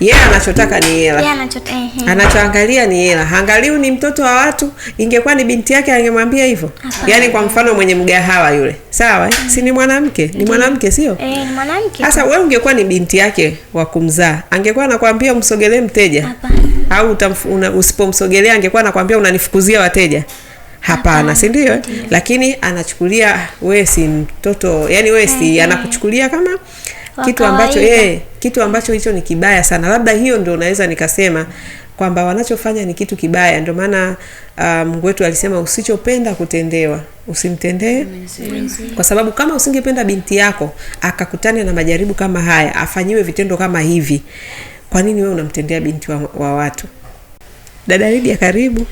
yeye yeah, anachotaka ni hela yeah, anachoangalia ni hela. Angaliu ni mtoto wa watu. Ingekuwa ni binti yake angemwambia hivyo, yaani kwa mfano mwenye mgahawa yule, sawa eh? mm. si ni mwanamke, ni mwanamke sio? Eh, Sasa wewe ungekuwa ni binti yake wa kumzaa, angekuwa anakwambia umsogelee mteja au usipomsogelea, angekuwa anakwambia unanifukuzia wateja Hapana, si ndio? Eh? Lakini anachukulia wewe si mtoto, yani wewe si, anakuchukulia kama kitu ambacho eh, kitu ambacho hicho ni kibaya sana. Labda hiyo ndio naweza nikasema kwamba wanachofanya ni kitu kibaya. Ndio maana ah, Mungu um, wetu alisema usichopenda kutendewa usimtendee, kwa sababu kama usingependa binti yako akakutane na majaribu kama haya, afanyiwe vitendo kama hivi, kwa nini wewe unamtendea binti wa, wa watu? Dada Lidia, karibu.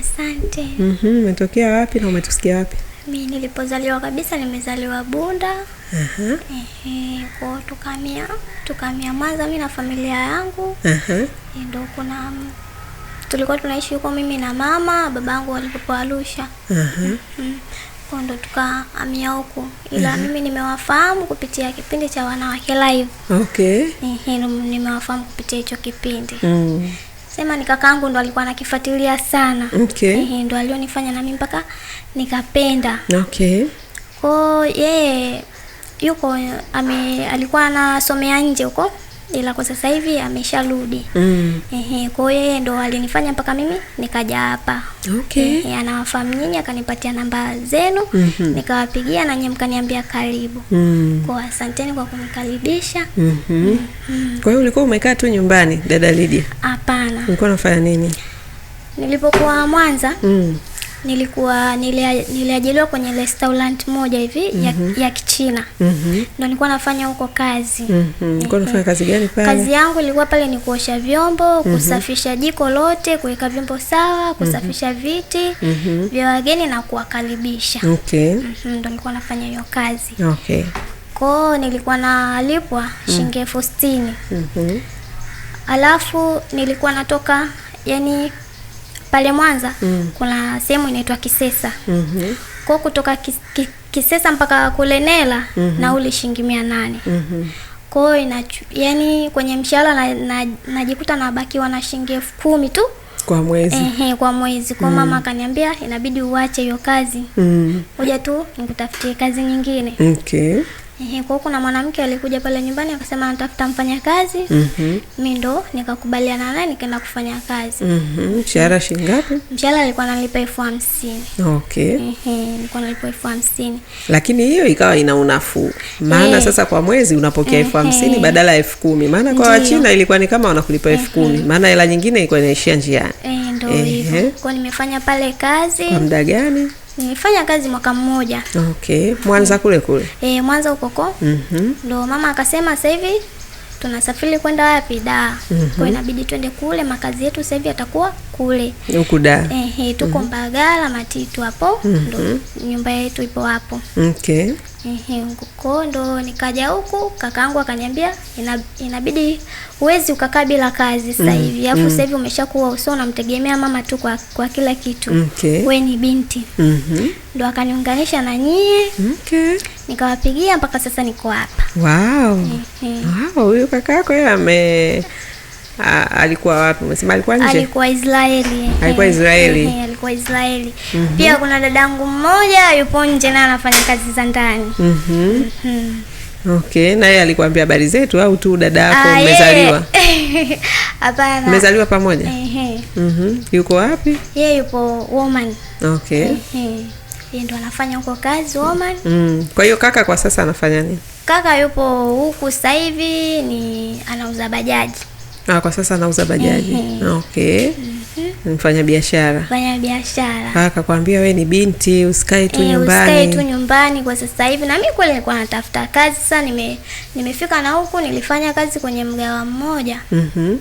Asante. Mhm, umetokea wapi na umetusikia wapi? Mi nilipozaliwa kabisa nimezaliwa Bunda. uh-huh. Ehe, tukamia tukamia Mwanza mi na familia yangu. uh-huh. Ndio kuna tulikuwa tunaishi huko mimi na mama babangu alipokuwa Arusha. uh-huh. mm mm-hmm. ndo tukaamia huko ila uh-huh. mimi nimewafahamu kupitia kipindi cha Wanawake Live. Okay. Ehe, nimewafahamu kupitia hicho kipindi. uh-huh sema ni kakaangu ndo alikuwa anakifuatilia sana. Okay. Ehe, ndo alionifanya nami mpaka nikapenda. Okay. Kwa yeye yuko ame alikuwa anasomea nje huko ila kwa sasa hivi amesharudi. Mm. Ehe, kwa hiyo yeye ndo alinifanya mpaka mimi nikaja hapa. Okay. Ehe, anawafahamu nyinyi akanipatia namba zenu mm -hmm. Nikawapigia na nyinyi mkaniambia karibu. Mm. Kwa asanteni kwa kunikaribisha. Mhm. Mm -hmm. Mm -hmm. Kwa hiyo ulikuwa umekaa tu nyumbani dada Lydia? Hapana. Ulikuwa unafanya nini? Nilipokuwa Mwanza mm nilikuwa niliajiriwa kwenye restaurant moja hivi mm -hmm. ya, mhm. ya Kichina mm -hmm. ndo nilikuwa nafanya huko kazi mm -hmm. Nilikuwa nafanya kazi gani pale? Kazi yangu ilikuwa pale ni kuosha vyombo, mhm. kusafisha jiko lote, kuweka vyombo sawa, mhm. kusafisha viti mm -hmm. vya wageni na kuwakaribisha. Okay. mm -hmm. Ndo nilikuwa nafanya hiyo kazi. Okay. Koo nilikuwa nalipwa mm -hmm. shilingi elfu sitini mm -hmm. alafu nilikuwa natoka yani pale Mwanza mm. kuna sehemu inaitwa Kisesa mm -hmm. kwa kutoka Kisesa mpaka kule Nela mm -hmm. nauli shilingi mia nane mm -hmm. kwa hiyo yani kwenye mshahara najikuta na, na nabakiwa na shilingi elfu kumi tu kwa mwezi ehe, kwa mwezi kwa mm. Mama akaniambia inabidi uache hiyo kazi mm. uja tu nikutafutie kazi nyingine okay. Ehe, kwa kuna mwanamke alikuja pale nyumbani akasema anatafuta mfanyakazi. Mhm. Mm Mimi ndo nikakubaliana naye nikaenda kufanya kazi. Mhm. Mm Mshahara shilingi ngapi? Mshahara alikuwa analipa elfu hamsini. Okay. Ehe, alikuwa analipa elfu hamsini. Lakini hiyo ikawa ina unafuu. Maana eh. sasa kwa mwezi unapokea elfu hamsini badala ya elfu kumi. Maana kwa Wachina ilikuwa ni kama wanakulipa elfu kumi. Maana hela nyingine ilikuwa inaishia njiani. Eh, ndio hivyo. Kwa nimefanya pale kazi. Kwa muda gani? Nimefanya kazi mwaka mmoja. Okay. Mwanza kule kule? Eh, Mwanza huko. Mhm. Ndio mama akasema sasa hivi tunasafiri kwenda wapi? Daa. Mm -hmm. Kwa inabidi twende kule, makazi yetu sasa hivi yatakuwa kule huku Daa. Ehe, tuko mhm. Mbagala Matitu hapo. Mm -hmm. Ndo nyumba yetu ipo hapo. Okay. Kwa ndo nikaja huku, kakaangu akaniambia inabidi huwezi ukakaa bila kazi sasa mm, hivi, alafu mm. sasa hivi umeshakuwa usio unamtegemea mama tu kwa, kwa kila kitu okay. We ni binti mm -hmm. Ndo akaniunganisha na nyie okay. Nikawapigia mpaka sasa niko hapa. Wow. Mhm. Wow, huyu kaka yako ame A, alikuwa wapi? Umesema alikuwa nje? Alikuwa Israeli. Alikuwa Israeli. alikuwa Israeli. Mm -hmm. Pia kuna dadangu mmoja yupo nje na anafanya kazi za ndani. mm -hmm. mm -hmm. Okay, na yeye alikuambia habari zetu au tu dada yako ah, umezaliwa? Hapana. Umezaliwa pamoja? Ehe. Mhm. Mm yuko wapi? Yeye yupo Woman. Okay. Ehe. Yeye ndo anafanya huko kazi Woman. Mm. Kwa hiyo kaka kwa sasa anafanya nini? Kaka yupo huku sasa hivi ni anauza bajaji. Ah, kwa sasa anauza bajaji. Okay. Mfanya biashara. Mfanya biashara. Ah, we ni binti usikae tu eh, nyumbani. Usikae tu nyumbani kwa sasa hivi. Na mimi kweli nilikuwa natafuta kazi sasa nime nimefika na huku nilifanya kazi kwenye mgawa mmoja. Mhm.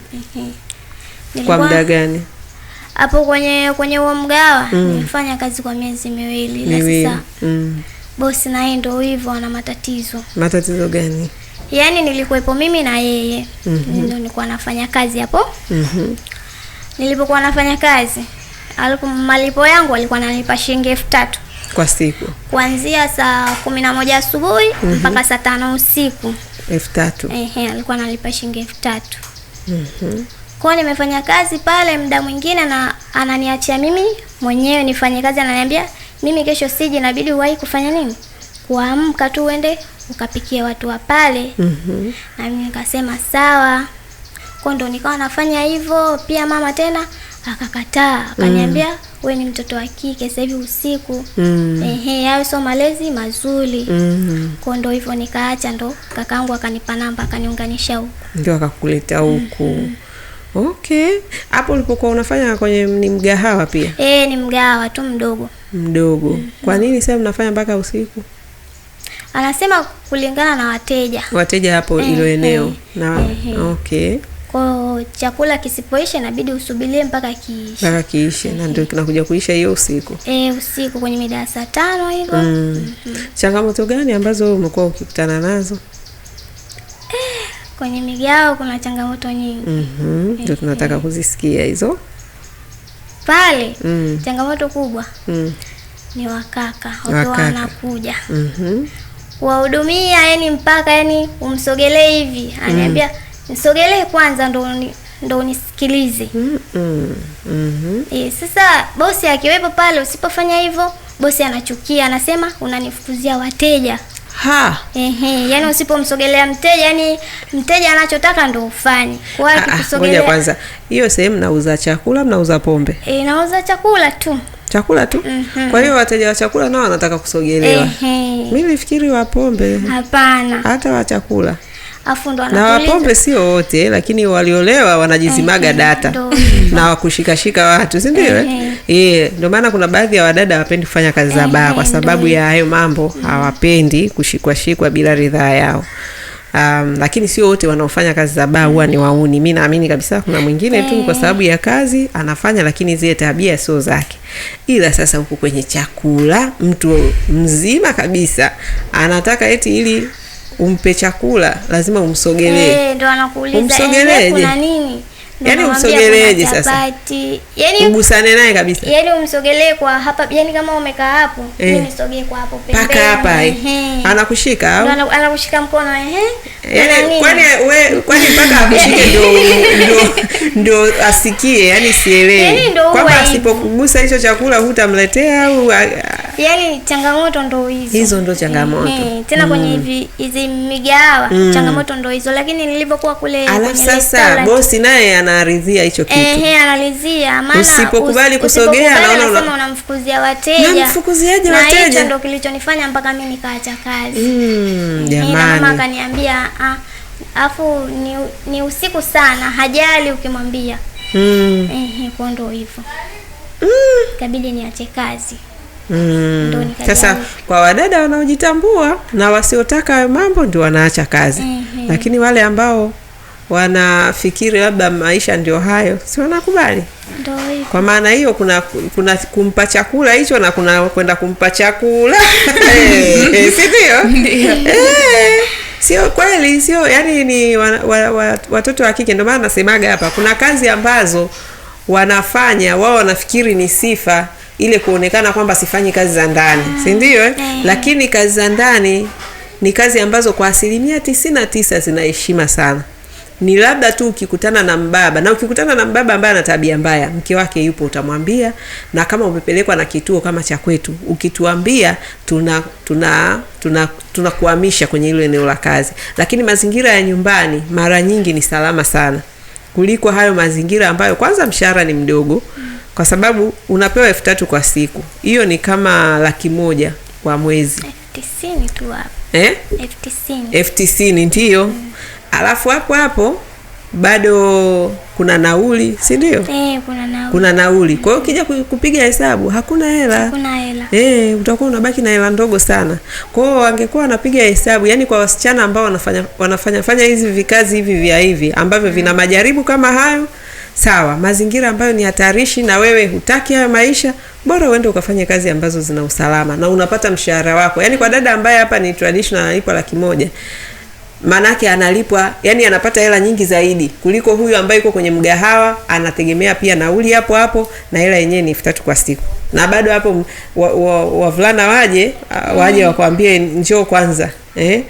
kwa muda gani? Hapo kwenye kwenye huo mgawa mm. nilifanya kazi kwa miezi miwili na sasa. Mm. Bosi naye ndio hivyo ana matatizo. Matatizo gani? yaani nilikuwepo mimi na yeye mm -hmm. Ndio nilikuwa nafanya kazi hapo mm -hmm. Nilipokuwa nafanya kazi alipo, malipo yangu alikuwa ananipa shilingi elfu tatu kwa siku kuanzia saa kumi na moja asubuhi mm -hmm. mpaka saa tano usiku elfu tatu ehe, alikuwa ananipa shilingi elfu tatu mm -hmm. Kwao nimefanya kazi pale, muda mwingine na ananiachia mimi mwenyewe nifanye kazi, ananiambia mimi kesho siji, inabidi uwahi kufanya nini, kuamka tu uende ukapikia watu wa pale. mm -hmm. Na mimi nikasema sawa, kwa ndo nikawa nafanya hivyo. Pia mama tena akakataa akaniambia, mm. we ni mtoto wa kike sasa hivi usiku. mm. Ehe, hayo sio malezi mazuri. mm -hmm. Kwa ndo hivyo nikaacha, ndo kakaangu akanipa namba akaniunganisha huku, ndio akakuleta mm-hmm. huku. mm -hmm. Okay, hapo ulipokuwa unafanya kwenye ni mgahawa pia? E, ni mgahawa tu mdogo mdogo. mm -hmm. Kwa nini sasa mnafanya mpaka usiku? anasema kulingana na wateja wateja hapo eh, ilo eh. eneo eh, na eh, okay kwa chakula kisipoisha inabidi usubirie mpaka kiishe mpaka kiishe na ndio kinakuja kuisha hiyo usiku eh, usiku kwenye mida ya saa tano hivyo mm. mm -hmm. changamoto gani ambazo umekuwa ukikutana nazo eh, kwenye migao kuna changamoto nyingi mhm. eh, ndio mm -hmm. eh, tunataka eh. kuzisikia hizo pale mm. changamoto kubwa mm. ni wakaka wakiwa wanakuja mm -hmm wahudumia yani mpaka yani umsogelee hivi, ananiambia mm. nisogelee kwanza ndo ndo unisikilize. mm mm -hmm. E, sasa bosi akiwepo pale, usipofanya hivyo bosi anachukia, anasema unanifukuzia wateja. Ha. Ehe, yani usipomsogelea mteja, yani mteja anachotaka ndo ufanye. Kwa hiyo ah, ah, kwanza hiyo sehemu nauza chakula, mnauza pombe? E, nauza chakula tu chakula tu. Mhm. Kwa hiyo wateja wa chakula nao wanataka kusogelewa. Mimi nilifikiri wa pombe. Hapana. Hata wa chakula. Afu ndo na wapombe sio wote, lakini waliolewa wanajizimaga data na wakushikashika watu, si ndio? Eh, eh ndio maana kuna baadhi ya wadada hawapendi kufanya kazi za baa kwa sababu ya hayo mambo, mm. hawapendi kushikwashikwa bila ridhaa yao um, lakini sio wote wanaofanya kazi za baa huwa ni wauni. Mi naamini kabisa kuna mwingine tu kwa sababu ya kazi anafanya, lakini zile tabia sio zake. Ila sasa huku kwenye chakula, mtu mzima kabisa anataka eti ili umpe chakula lazima umsogelee, eh, ndo anakuuliza eh, umsogeleeje? yaani umsogeleeje sasa, yaani ugusane naye kabisa, yaani umsogelee kwa hapa, yaani kama umekaa hapo eh, nisogee kwa hapo pembeni paka hapa, eh. anakushika au ana, anakushika mkono ehe, yaani kwani we kwani mpaka akushike ndio ndio ndio asikie, yaani, yaani kwa sababu asipokugusa hicho chakula hutamletea au yaani changamoto ndo hizo, hizo ndo changamoto mm. Tena kwenye hivi hizi migawa mm. changamoto ndo hizo, lakini nilivyokuwa kule alafu sasa bosi naye anaridhia hicho kitu eh, he, analizia maana usipokubali kusogea, na unaona unasema unamfukuzia wateja, unamfukuziaje wateja? Na Hicho ndio kilichonifanya mpaka mimi nikaacha kazi. Mm, jamani, mama kaniambia ah, afu ni, ni usiku sana, hajali ukimwambia. Mm. Eh, kwa ndo hivyo. Mm. Kabidi niache kazi. Mm. Sasa kwa wadada wanaojitambua na wasiotaka hayo mambo ndio wanaacha kazi. Mm-hmm. Lakini wale ambao wanafikiri labda maisha ndio hayo, si wanakubali? Kwa maana hiyo kuna, kuna kumpa chakula hicho na kuna kwenda kumpa chakula eh, si ndio? Eh, sio kweli, sio yani ni wa, wa, wa, watoto wa kike. Ndio maana nasemaga hapa kuna kazi ambazo wanafanya wao wanafikiri ni sifa ile kuonekana kwamba sifanyi kazi za ndani mm. si ndio eh? Lakini kazi za ndani ni kazi ambazo kwa asilimia tisini na tisa zina heshima sana ni labda tu ukikutana na mbaba na ukikutana na mbaba ambaye ana tabia mbaya, mke wake yupo, utamwambia. Na kama umepelekwa na kituo kama cha kwetu, ukituambia tuna tuna tunakuhamisha tuna kwenye hilo eneo la kazi. Lakini mazingira ya nyumbani mara nyingi ni salama sana kuliko hayo mazingira ambayo kwanza mshahara ni mdogo, kwa sababu unapewa elfu tatu kwa siku, hiyo ni kama laki moja kwa mwezi, elfu tisini tu hapo eh, ndiyo mm. Alafu hapo hapo bado kuna nauli, si ndio? E, kuna nauli, kuna nauli. Kwa hiyo ukija kupiga hesabu hakuna hela, hakuna hela. Eh, utakuwa unabaki na hela ndogo sana. Kwa hiyo wangekuwa wanapiga hesabu, yani kwa wasichana ambao wanafanya wanafanya fanya hizi vikazi hivi vya hivi ambavyo vina mm. majaribu kama hayo Sawa, mazingira ambayo ni hatarishi na wewe hutaki hayo maisha, bora uende ukafanye kazi ambazo zina usalama na unapata mshahara wako. yani kwa dada ambaye hapa ni traditional analipwa laki moja, maanake analipwa, yani anapata hela nyingi zaidi kuliko huyu ambaye yuko kwenye mgahawa, anategemea pia nauli hapo hapo na hela yenyewe ni elfu tatu kwa siku, na bado hapo wavulana wa, wa waje waje mm. wakwambie njoo kwanza eh,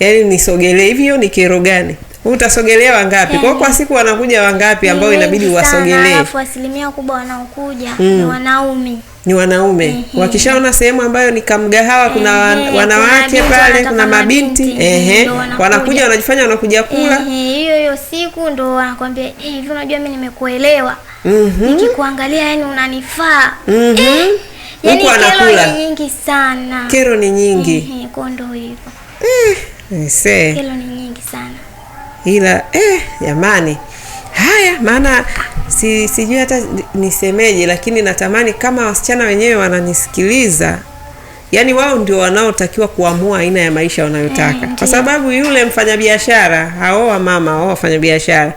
yani nisogelee hivyo, ni kero gani? utasogelea wangapi? Kwa kwa yaani siku wanakuja wangapi ambao inabidi uwasogelee? Alafu asilimia kubwa wanaokuja ni mm. wanaume ni wanaume mm -hmm. Wakishaona sehemu ambayo ni kamgahawa kuna wanawake pale, kuna mabinti ehe, wanakuja wanajifanya wanakuja kula hiyo hiyo siku, ndo wanakwambia eh, hivi, unajua mimi nimekuelewa mm -hmm. nikikuangalia, yani unanifaa mm huko anakula. Kero ni nyingi sana, kero ni nyingi mm -hmm. kondo hivyo eh, kero ni nyingi ila eh, jamani haya, maana si, sijui hata nisemeje, lakini natamani kama wasichana wenyewe wananisikiliza yaani wao ndio wanaotakiwa kuamua aina ya maisha wanayotaka, mm, kwa sababu yule mfanyabiashara hao mama hao wafanyabiashara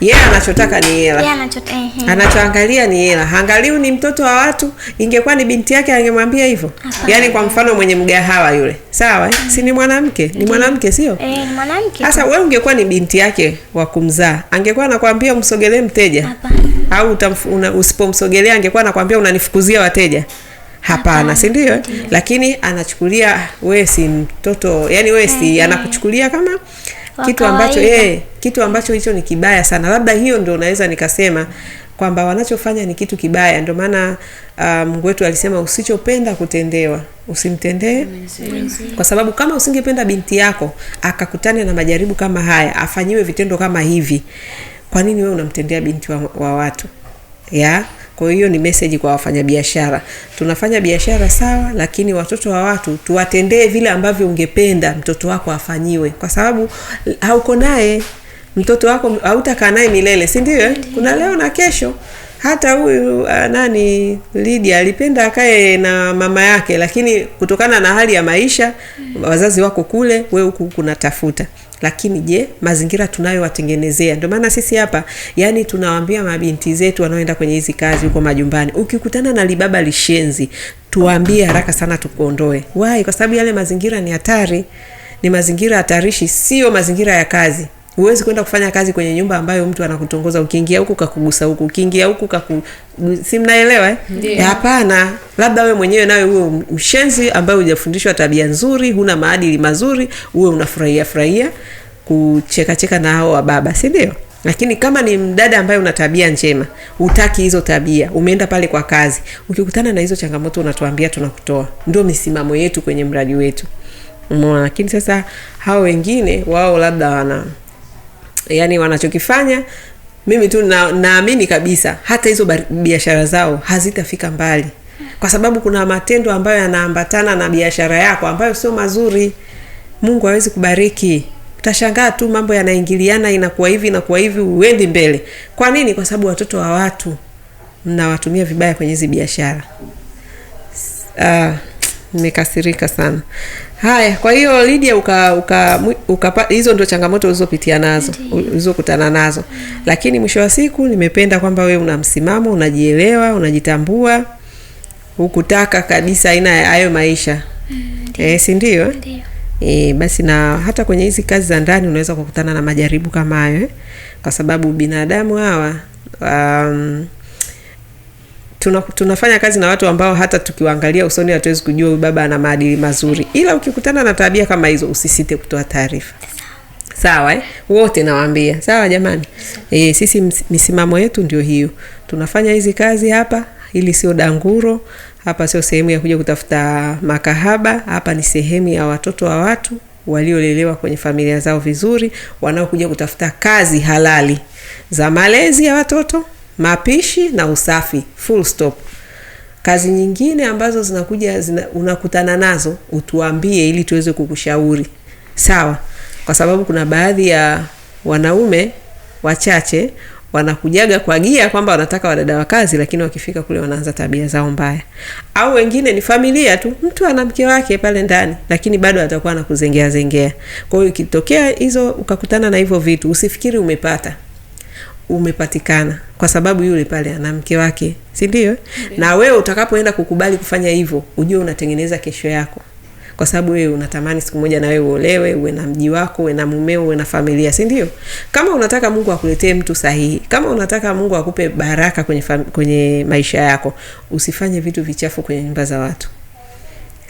yeye yeah, anachotaka ni hela yeah, anachota, eh, anachoangalia ni hela. Haangaliu ni mtoto wa watu. Ingekuwa ni binti yake angemwambia hivyo. Yaani kwa mfano mwenye mgahawa yule, sawa eh? si ni mwanamke ni mm. mwanamke sio? Eh, mwanamke. Sasa wewe ungekuwa ni binti yake wa kumzaa, angekuwa anakwambia umsogelee mteja? Hapana. Au usipomsogelea angekuwa anakwambia unanifukuzia wateja? Hapana, si ndio? Lakini anachukulia wewe si mtoto, yani wewe si, anakuchukulia kama kitu ambacho eh, kitu ambacho hicho ni kibaya sana. Labda hiyo ndio naweza nikasema kwamba wanachofanya ni kitu kibaya. Ndio maana ah, Mungu um, wetu alisema usichopenda kutendewa usimtendee, kwa sababu kama usingependa binti yako akakutane na majaribu kama haya, afanyiwe vitendo kama hivi, kwa nini wewe unamtendea binti wa, wa watu ya kwa hiyo ni meseji kwa wafanyabiashara, tunafanya biashara sawa, lakini watoto wa watu tuwatendee vile ambavyo ungependa mtoto wako afanyiwe, kwa sababu hauko naye mtoto wako, hautakaa naye milele, si ndio? Eh? Kuna leo na kesho. Hata huyu ah, nani lidia alipenda akae na mama yake, lakini kutokana na hali ya maisha, hmm. wazazi wako kule, we huku kunatafuta lakini je, mazingira tunayowatengenezea? Ndio maana sisi hapa yani tunawaambia mabinti zetu wanaoenda kwenye hizi kazi huko majumbani, ukikutana na libaba lishenzi, tuwaambie haraka sana tukuondoe. wai Kwa sababu yale mazingira ni hatari, ni mazingira hatarishi, sio mazingira ya kazi huwezi kwenda kufanya kazi kwenye nyumba ambayo mtu anakutongoza, ukiingia huku kakugusa huku, ukiingia huku kaku, si mnaelewa eh? Yeah. Hapana, labda wewe mwenyewe nawe uwe mshenzi ambaye hujafundishwa tabia nzuri, huna maadili mazuri, uwe unafurahia furahia kuchekacheka na hao wa baba, si ndio? Lakini kama ni mdada ambaye una tabia njema, utaki hizo tabia, umeenda pale kwa kazi, ukikutana na hizo changamoto unatuambia, tunakutoa. Ndio misimamo yetu kwenye mradi wetu, umeona. Lakini sasa hao wengine wao labda wana yani wanachokifanya mimi tu na, naamini kabisa hata hizo biashara zao hazitafika mbali, kwa sababu kuna matendo ambayo yanaambatana na biashara yako ambayo sio mazuri. Mungu hawezi kubariki, utashangaa tu mambo yanaingiliana, inakuwa hivi inakuwa hivi, uendi mbele. Kwa nini? Kwa sababu watoto wa watu mnawatumia vibaya kwenye hizi biashara. Ah, nimekasirika sana. Haya, kwa hiyo Lydia, uka, uka, uka, hizo ndio changamoto ulizopitia nazo ulizokutana nazo, mm. lakini mwisho wa siku nimependa kwamba we una msimamo, unajielewa, unajitambua, hukutaka kabisa aina ya hayo maisha e, si ndio? E, basi na hata kwenye hizi kazi za ndani unaweza kukutana na majaribu kama hayo eh? Kwa sababu binadamu hawa um, tuna, tunafanya kazi na watu ambao hata tukiwaangalia usoni hatuwezi kujua baba ana maadili mazuri, ila ukikutana na tabia kama hizo usisite kutoa taarifa. Sawa eh? Wote nawaambia sawa jamani. E, sisi misimamo yetu ndio hiyo, tunafanya hizi kazi hapa. ili sio danguro hapa, sio sehemu ya kuja kutafuta makahaba. Hapa ni sehemu ya watoto wa watu waliolelewa kwenye familia zao vizuri, wanaokuja kutafuta kazi halali za malezi ya watoto mapishi na usafi full stop. Kazi nyingine ambazo zinakuja zina, unakutana nazo utuambie, ili tuweze kukushauri sawa, kwa sababu kuna baadhi ya wanaume wachache wanakujaga kwa gia kwamba wanataka wadada wa kazi, lakini wakifika kule wanaanza tabia zao mbaya. Au wengine ni familia tu, mtu ana mke wake pale ndani, lakini bado atakuwa anakuzengea zengea. Kwa hiyo ikitokea hizo ukakutana na hivyo vitu, usifikiri umepata umepatikana kwa sababu yule pale ana mke wake, sindio Na wewe utakapoenda kukubali kufanya hivyo, ujue unatengeneza kesho yako, kwa sababu wewe unatamani siku moja na wewe uolewe, uwe na mji wako, uwe na mumeo, uwe na familia, si ndio? Kama unataka Mungu akuletee mtu sahihi, kama unataka Mungu akupe baraka kwenye, kwenye maisha yako, usifanye vitu vichafu kwenye nyumba za watu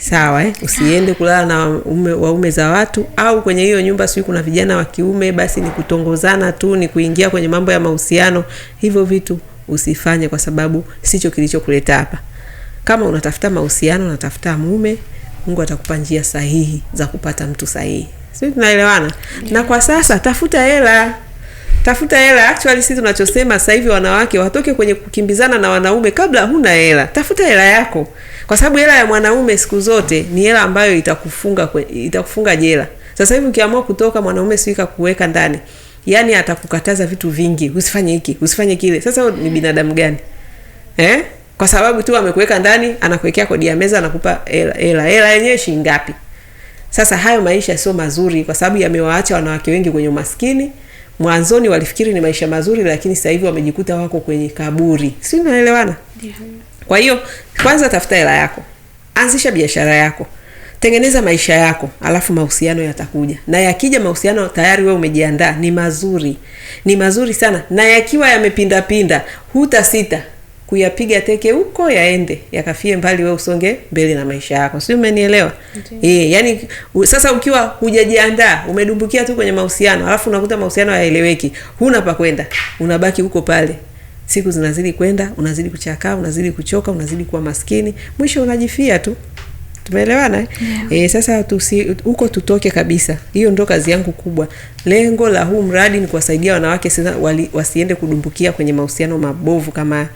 sawa eh? Usiende kulala na ume, waume za watu au kwenye hiyo nyumba, sijui kuna vijana wa kiume, basi ni kutongozana tu, ni kuingia kwenye mambo ya mahusiano. Hivyo vitu usifanye, kwa sababu sicho kilichokuleta hapa. Kama unatafuta mahusiano, unatafuta mume, Mungu atakupa njia sahihi za kupata mtu sahihi. si tunaelewana? Yeah. Na kwa sasa tafuta hela tafuta hela. Actually sisi tunachosema sasa hivi wanawake watoke kwenye kukimbizana na wanaume kabla huna hela. Tafuta hela yako, kwa sababu hela ya mwanaume siku zote ni hela ambayo itakufunga kwe, itakufunga jela. Sasa hivi ukiamua kutoka, mwanaume si kuweka ndani, yani atakukataza vitu vingi, usifanye hiki, usifanye kile. Sasa ni binadamu gani eh? Kwa sababu tu amekuweka ndani, anakuwekea kodi ya meza, anakupa hela. Hela hela yenyewe shilingi ngapi? Sasa hayo maisha sio mazuri, kwa sababu yamewaacha wanawake wengi kwenye umaskini mwanzoni walifikiri ni maisha mazuri, lakini sasa hivi wamejikuta wako kwenye kaburi. Si naelewana Kwa hiyo kwanza tafuta hela yako, anzisha biashara yako, tengeneza maisha yako, alafu mahusiano yatakuja, na yakija mahusiano tayari wewe umejiandaa, ni mazuri, ni mazuri sana, na yakiwa yamepindapinda, huta sita kuyapiga teke huko yaende yakafie mbali, we usonge mbele na maisha yako, sio? Umenielewa? E, yani sasa ukiwa hujajiandaa umedumbukia tu kwenye mahusiano alafu unakuta mahusiano hayaeleweki, huna pa kwenda, unabaki huko pale, siku zinazidi kwenda, unazidi kuchakaa, unazidi kuchoka, unazidi kuwa maskini, mwisho unajifia tu. Tumeelewana eh? yeah. E, sasa tusi huko tutoke kabisa. Hiyo ndio kazi yangu kubwa. Lengo la huu mradi ni kuwasaidia wanawake sasa wali, wasiende kudumbukia kwenye mahusiano mabovu kama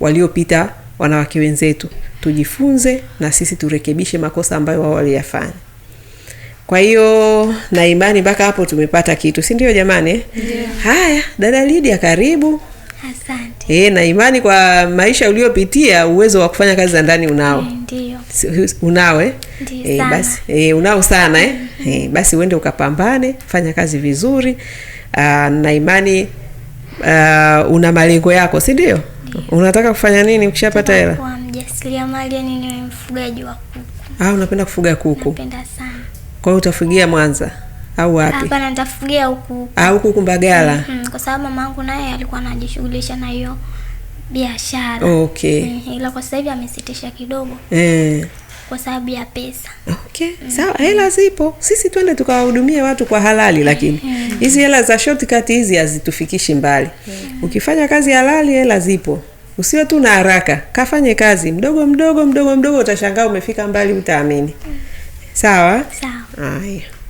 waliopita wanawake wenzetu. Tujifunze na sisi turekebishe makosa ambayo wao waliyafanya. Kwa hiyo na imani mpaka hapo tumepata kitu, si ndio jamani? Yeah. Haya, dada lidia karibu. Hasan. E, na imani kwa maisha uliopitia uwezo wa kufanya kazi za ndani unao. Eh, Ndiyo. Unao eh? E, basi e, unao sana eh? E, basi uende ukapambane, fanya kazi vizuri. Aa, ah, na imani uh, una malengo yako, si ndio? Unataka kufanya nini ukishapata hela? Yaani ah, unapenda kufuga kuku. Napenda sana. Kwa hiyo utafugia Mwanza? au wapi? Hapana, nitafugia huku. Ah, huku Kumbagala. Mm -hmm, kwa sababu mama mamangu naye alikuwa anajishughulisha na hiyo biashara. Okay. Mm, -hmm. ila kwa sasa hivi amesitisha kidogo. Eh. Kwa sababu ya pesa. Okay. Mm. -hmm. Sawa, hela zipo. Sisi twende tukawahudumie watu kwa halali lakini Mm -hmm. hizi hela za shortcut hizi hazitufikishi mbali. Mm. -hmm. Ukifanya kazi halali hela zipo. Usiwe tu na haraka. Kafanye kazi mdogo mdogo mdogo mdogo utashangaa umefika mbali utaamini. Mm. -hmm. Sawa? Sawa. Haya.